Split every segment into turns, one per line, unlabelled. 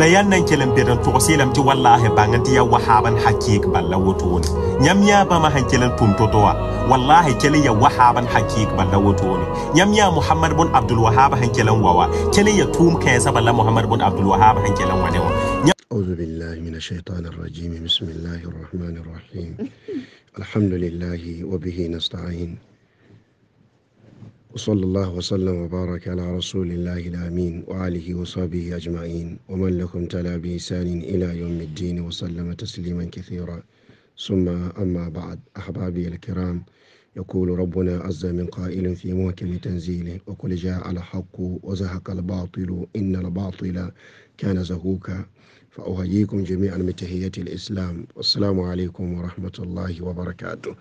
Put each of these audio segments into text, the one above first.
la yan nan kelen bedan to selam ti wallahi banganti ya wahaban hakik balla wotoni nyam ya ba ma han kelen tum to towa wallahi kelen ya wahaban hakik balla wotoni nyam ya muhammad bin abdul wahhab han kelen wawa kelen ya tum kaysa balla muhammad bin abdul wahhab han kelen wadewa أعوذ بالله من الشيطان الرجيم بسم الله الرحمن الرحيم الحمد لله وبه نستعين وصلى الله وسلم وبارك على رسول الله الأمين وآله وصحبه أجمعين ومن لكم تلا بإحسان إلى يوم الدين وسلم تسليما كثيرا ثم أما بعد أحبابي الكرام يقول ربنا عز من قائل في محكم تنزيله وقل جاء الحق وزهق الباطل إن الباطل كان زهوكا فأهييكم جميعا بتحية الإسلام والسلام عليكم ورحمة الله وبركاته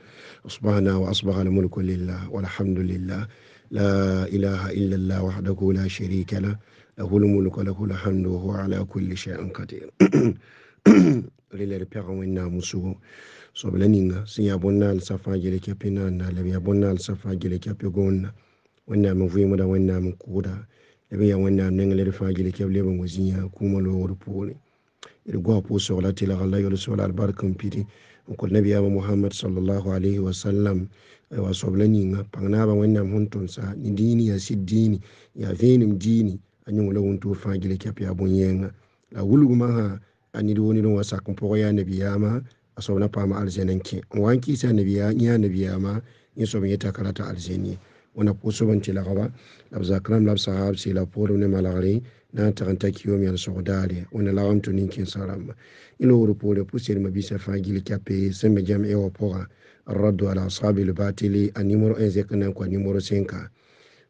أصبحنا وأصبح الملك لله والحمد لله لا إله إلا الله وحده لا شريك له له الملك وله الحمد وهو على كل شيء قدير lelere pɛgẽ wẽnnaam wʋsgo soab la ninga sẽn yaa bõn-naal safã gele kɛpɩ naanda la b yaa bõn-naal safã gele kɛpɩ gõonna wẽnnaam n vɩɩmda wẽnnaam n kʋʋda la b wẽnnaam nengã led fãa gele wa zĩã kũuma loogr poore ilikuwa hapo la tila Allah yole sola albarkan pidi ko nabi ya muhammad sallallahu alaihi wasallam wa soblani nga pangna ba wannan huntun sa ni dini ya siddini ya venim dini anyin wala huntu fangile kapya bunyenga la wulu ma ha ani do ni don wasa kun pogo ya nabi ya ma asobna pama aljenanke wanki sa nabi ya nabi ya ma ni sobe ta karata aljeniye wona pʋʋsb n tɩ lagba la b zakrãm la b sahaabsɩ la pʋʋdb ne malgre na n tag n ta kiom yãl sogdaare wẽna lagm tɩ nin rãmba yẽ la wʋr poore pʋsɩdmã bisã fãa gil kape sẽn me jam pʋga rado ala asabi lbatili a nimero 1 zẽk nimero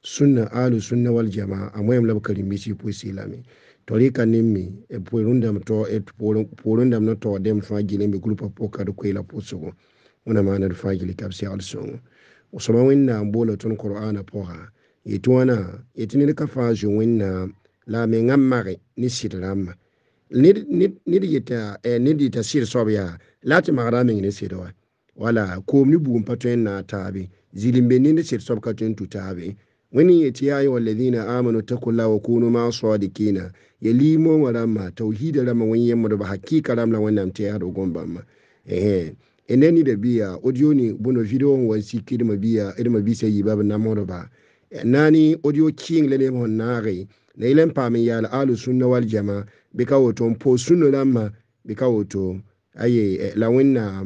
sunna alu sunna wal jamaa a moyam la b ka rĩmbisi pʋɩsɩlame torika nimmi poorundam tɔ poorundam na tɔɔ dem fãa gil be gulpa pʋka d koeela pʋʋsgo wẽna maana fãa gil ka segl sõngo usoma wẽnnaam boola tõnd qur'ana poha yetɩ wãna yetɩ ned ka fãa zo la a mengã mage ne sɩd rãmba ned yeta eh, ned yeta sɩd soab la ti magda ni sidwa wala koom ne buum pa na tabi zilimbe ni ni sir sobka tun soab ka tõe n tu taabe wẽnd n yetɩ yaa waladina amanu takulla wa kunu ma sodikina ya liim wã rãmbã tawhida rãmbã wẽn yembdba hakɩɩka rãmb la wẽnnaam tɩ yaasd eneni da biya audio ni bono video wan si kirma biya irma e bi sai yi ba nani audio king ilen e pa yal alu sunna wal jama be ka woto po sunno lamma be ka woto aye e, la winna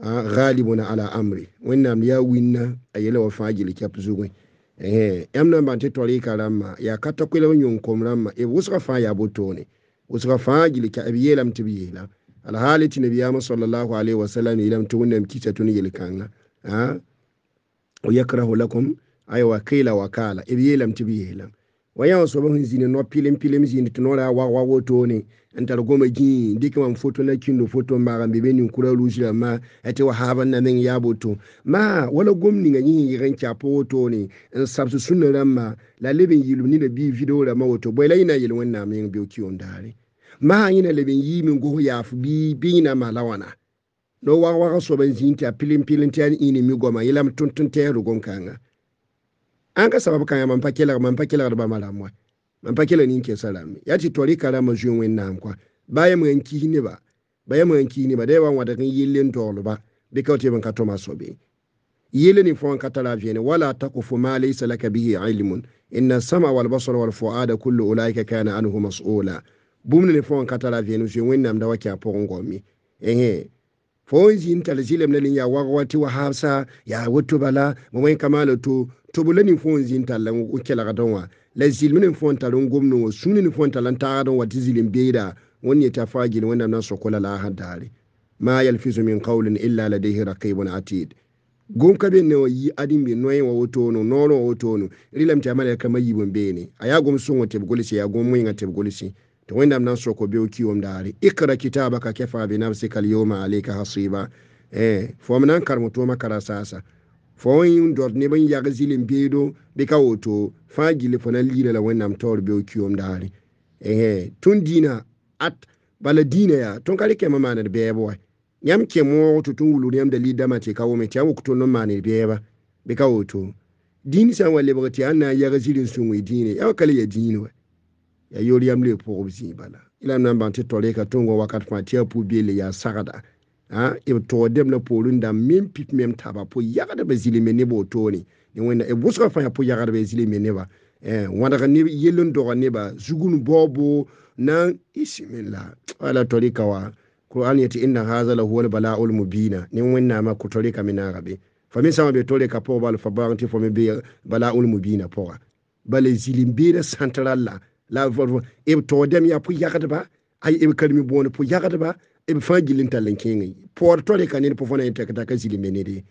ghalibuna ala amri winna ya winna wa kap amna te tori ya kata kwela e wusra fa ya botone wusra fa jili ka alhaali tɩ nabiyama sallallahu alaihi wasallam ilam tugunnam kisa tun yelkanga o yakrahu lakum aywa qila wa kala eb tɩ b yeelam wa yã wã soaba sẽn zĩni no pilem pilem zĩndi tɩ noora wag wa wotone n tar goma gĩi dɩk mam foto na kĩndo foto n maagam be be ninkura luusrã ma tɩ wa n na meng yaa boto maa wala gom ninga yẽ yɩg n kya wotone n sabs sũnã rãmbã la leb n yɩlb nina bii video rãmbã woto bõe la yẽ na n yel wẽnnaam yẽng beo daare ma yina leben yi min go ya fu bi bi na malawana no wa wa so ban zin ta pilin pilin ta ini mi goma yilam e tun tun ta ru gon kanga an ka sababu kan man pakela man pakela ba malamwa man pakela nin ke salam ya ci tori kala ma jun wen nan kwa baya mu yanki ne ba baya mu yanki ne ba dai wan wada kan yillen tolo ba bi ka te ban ka to ma so yele ni fon ka tala wala taqfu ma laysa laka bihi ilmun inna sama wal basara wal fuada kullu ulaika kana anhu mas'ula bumne ne fon ka tara vẽenem zoe wẽnnaam da wa pongomi a pʋgẽ goame ẽ fo n zĩn tar zɩlem la wa hasa ya wotu bala ma wẽnkamaa la to tobo la nin fo n zĩn tar la n kelgd n wã la zɩlm ne fo n tar n gomd n wa sũur ne fo n tar la n taagd n wa tɩ zĩl n beeda na sokola la laasã daare ma yalfizu min qawlin illa ladayhi raqibun atid gum ka be newa yi adin be noyen wa wotonu noron wa wotonu rilam tamale kamayi kama yibon bene aya gom sunwa teb golisi ya gom mwenga teb twenda mnaso ko be ukiwo mdari ikra kitabaka kafa bi nafsika alyawma alayka hasiba eh fo mnan karmo to kara sasa fo yin dor ne ban yaga zilin bedo be ka woto fa gili fo na lira la wannan tor be ukiwo mdari eh tun dina at bala dina ya tun kare ke mama na be boy nyam ke mo woto tun wulu yam da lidama te kawo me tiawo kuto non mane be ba be ka woto dini san wale bagati anna yaga zilin sun dini ya kale ya dini wa ya yol yam le pʋgb zĩig bala ila na n bãng tole tɔre ka tõngo wakat fãa tɩ yaa pʋ beele yaa sagda b e tɔg dem la poore n dãmb mem pip mem taba ga yagdba zili me ni wotone e wẽnna fa ya fãa ya ga yagdba zili me neba eh, wãdg neb yell n dɔga neba zugun bobo na ismilla ala tole ka wa qur'an yati inna hadha la huwa al mubina ni ne ma ku tole ka mina ga be fa me sã be tole ka pʋgba alfa bãng tɩ fo me be balaa lmubina pʋga bala zili n beeda santralla la volvo e to dem ya pu yagat ba ay e kalmi bon pu yagat ba e fa jilin talen kingi por to le kanin pu fona ente kata kazili menede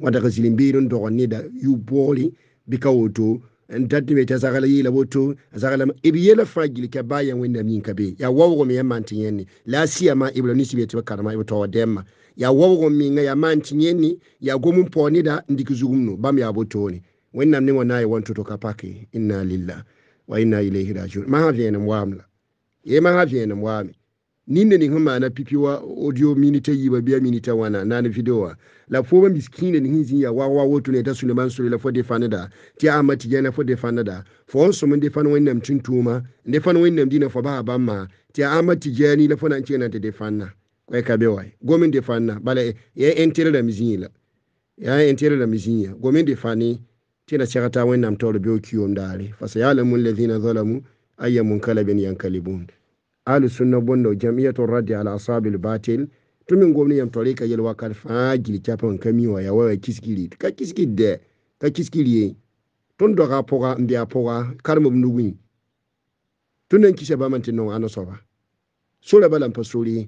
wada kazili birin do ne da yu boli bika woto n dati me ta zagala yila woto zagala ibi yela fa jili ka bayan wanda min ka be ya wawo me ya mantin yenni la siya ma ibla nisi be tiba karma ibo to demma ya wawo me nga ya mantin yenni ya gomun poni da ndiki zugumno bam ya botoni wennam ne wona ay wonto to kapaki inna lillah wa inna ilayhi rajiun ma ha vẽenem waamla ye ma ha vẽenem waame ninde ning sẽn maana pipi wa audio minute minita yiiba minute wana na naan video wã la fo ba miskine ni sẽn ya wa wa wotu ne t'a suleman sore la fo de fanada ti amati tɩ la fo fanada fo n sõm n defãn wẽnnaam tũn-tʋʋma fan defãn wẽnnaam dĩnã fo ba bãmbã tɩ a ahmad tɩ la fo na na de fanna defãnna ka be wai gom n defãnna bala yaa ẽn tɩr rãmb zĩi la yaa ẽn tɩr rãmb zĩiã gom n defãne tila cagata wẽnnaam taoor beo kiyoom daare fa sayalamu alladina zalamu aya munkalabin yankalibun ahlu sunna bõndo jamiyatu radi ala asabi lbatil tɩ min gomd yãmb taoor ka yel wakat fãa gil kapã n ya ah, wa ya kiskiri ka kiskid dɛ ka kiskir ye tõnd doga a pʋga n be a pʋga karem b nugẽ tõnd n kisa bãmb tɩ nong ãna soaba sora bala n pa sor ye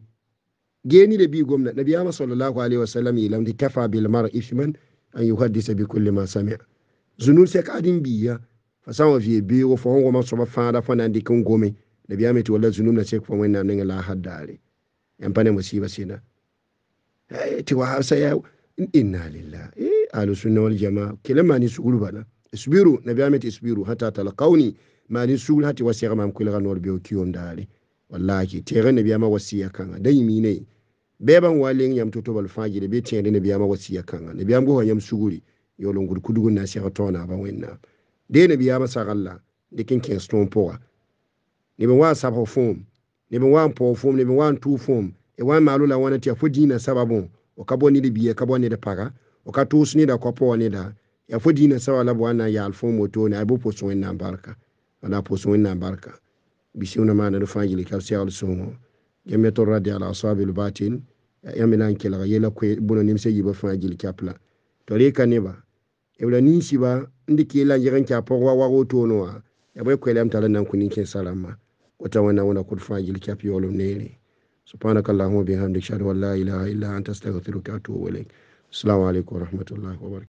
geeni le bii gomda nabiyaamã salallahu alaihi wasalam yeelame tɩ kafa bilmar ithman an yuhadisa bi kulli ma samia zunun sɛ ka din biya fa san wa vie bi wo fo ngo ma so ba fa da fa na ndi kun gome da biya meti wala zunun na sɛ ko wani nan la haddare yan pane musiba sina eh ti wa sa ya inna lillahi eh alu sunna wal jamaa kelama ni sugulu bana isbiru na biya meti isbiru hatta talqauni ma ni sugulu hati wasiya ma kulga nor biyo kiyon dare wallahi tere ne biya ma wasiya kan dai mi ne beban walin yam to to fajire be tere ne biya ma wasiya kan ne biya go yam suguri yolon gud na sheko tona ba wẽnnaam deene biyaamã saglla dɩk n kẽes stone pʋga ni n wa sabo fum ni neb n wa n paoog fʋʋm neb n wa n tʋʋ fʋʋm y e wa n maalo la wãna tɩ ya fo dĩinã sababõ o ka bõe ned bia ni bõe ned paga o ka tʋʋs neda ka paoog neda ya fo dĩinã sabab la b wa n na n yaal fʋʋm wotone a bo pʋs wẽnnaam barka bi si una mana bisiwna maana d fãa yelka b segl sõngo radi ala asabil batin yãmb na n yela ko nimsa yiibã ba gil kapla t'a reeka neba ebla ninsi ba ndi kila jiran kya pogwa wa goto no wa ebe kwele am tala nan kunin kin salama wata wana wana kul fajil kya fi yolum nele subhanaka allahumma bihamdika shadu la ilaha illa anta astaghfiruka wa atubu ilaik assalamu alaikum wa rahmatullahi wa